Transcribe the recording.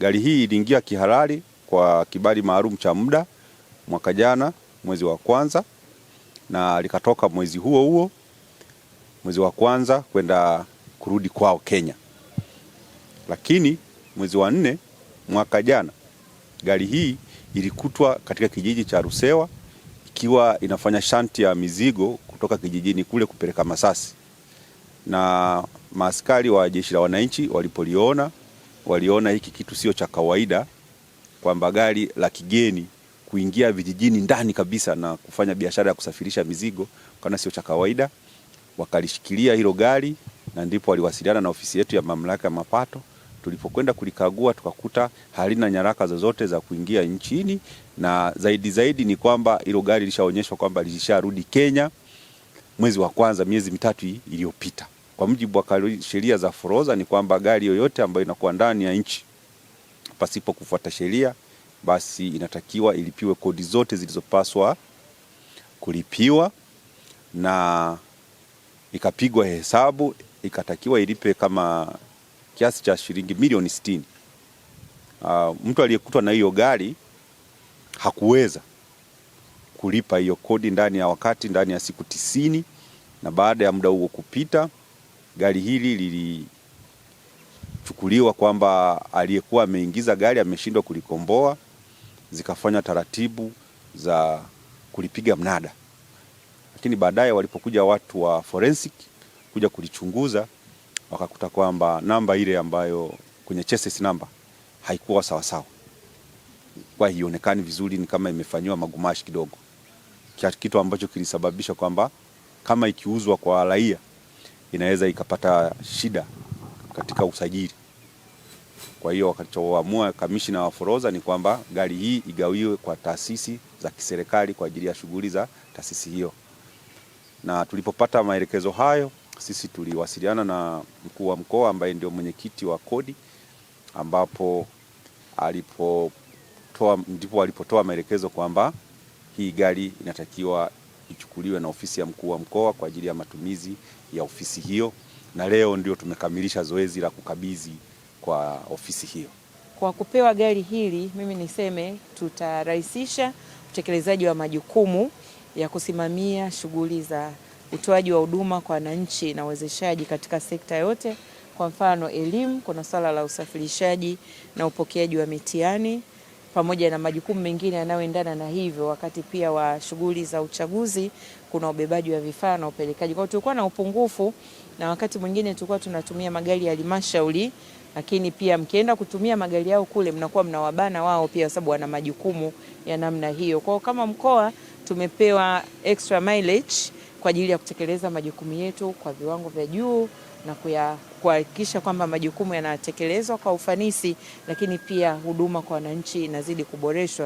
Gari hii iliingia kihalali kwa kibali maalum cha muda mwaka jana mwezi wa kwanza, na likatoka mwezi huo huo mwezi wa kwanza kwenda kurudi kwao Kenya. Lakini mwezi wa nne mwaka jana gari hii ilikutwa katika kijiji cha Rusewa ikiwa inafanya shanti ya mizigo kutoka kijijini kule kupeleka Masasi, na maaskari wa jeshi la wananchi walipoliona waliona hiki kitu sio cha kawaida, kwamba gari la kigeni kuingia vijijini ndani kabisa na kufanya biashara ya kusafirisha mizigo, kana sio cha kawaida, wakalishikilia hilo gari, na ndipo waliwasiliana na ofisi yetu ya mamlaka ya mapato. Tulipokwenda kulikagua, tukakuta halina nyaraka zozote za kuingia nchini, na zaidi zaidi ni kwamba hilo gari lishaonyeshwa kwamba lilisharudi Kenya mwezi wa kwanza, miezi mitatu iliyopita. Kwa mujibu wa sheria za forodha ni kwamba gari yoyote ambayo inakuwa ndani ya nchi pasipo kufuata sheria, basi inatakiwa ilipiwe kodi zote zilizopaswa kulipiwa na ikapigwa hesabu, ikatakiwa ilipe kama kiasi cha shilingi milioni sitini. Uh, mtu aliyekutwa na hiyo gari hakuweza kulipa hiyo kodi ndani ya wakati, ndani ya siku tisini, na baada ya muda huo kupita gari hili lilichukuliwa kwamba aliyekuwa ameingiza gari ameshindwa kulikomboa, zikafanya taratibu za kulipiga mnada, lakini baadaye walipokuja watu wa forensic kuja kulichunguza wakakuta kwamba namba ile ambayo kwenye chassis namba haikuwa sawasawa, kwa haionekani vizuri, ni kama imefanyiwa magumashi kidogo, kitu ambacho kilisababisha kwamba kama ikiuzwa kwa raia inaweza ikapata shida katika usajili. Kwa hiyo wakachoamua kamishina wa forodha ni kwamba gari hii igawiwe kwa taasisi za kiserikali kwa ajili ya shughuli za taasisi hiyo. Na tulipopata maelekezo hayo, sisi tuliwasiliana na mkuu wa mkoa ambaye ndio mwenyekiti wa kodi, ambapo alipotoa ndipo alipotoa maelekezo kwamba hii gari inatakiwa ichukuliwe na ofisi ya mkuu wa mkoa kwa ajili ya matumizi ya ofisi hiyo, na leo ndio tumekamilisha zoezi la kukabidhi kwa ofisi hiyo. Kwa kupewa gari hili, mimi niseme tutarahisisha utekelezaji wa majukumu ya kusimamia shughuli za utoaji wa huduma kwa wananchi na uwezeshaji katika sekta yote. Kwa mfano elimu, kuna swala la usafirishaji na upokeaji wa mitihani, pamoja na majukumu mengine yanayoendana na hivyo, wakati pia wa shughuli za uchaguzi kuna ubebaji wa vifaa na upelekaji. Kwa hiyo tulikuwa na upungufu, na wakati mwingine tulikuwa tunatumia magari ya halmashauri, lakini pia mkienda kutumia magari yao kule mnakuwa mnawabana wao pia, kwa sababu wana majukumu ya namna hiyo. Kwa hiyo kama mkoa tumepewa extra mileage kwa ajili ya kutekeleza majukumu yetu kwa viwango vya juu na kuhakikisha kwamba majukumu yanatekelezwa kwa ufanisi, lakini pia huduma kwa wananchi inazidi kuboreshwa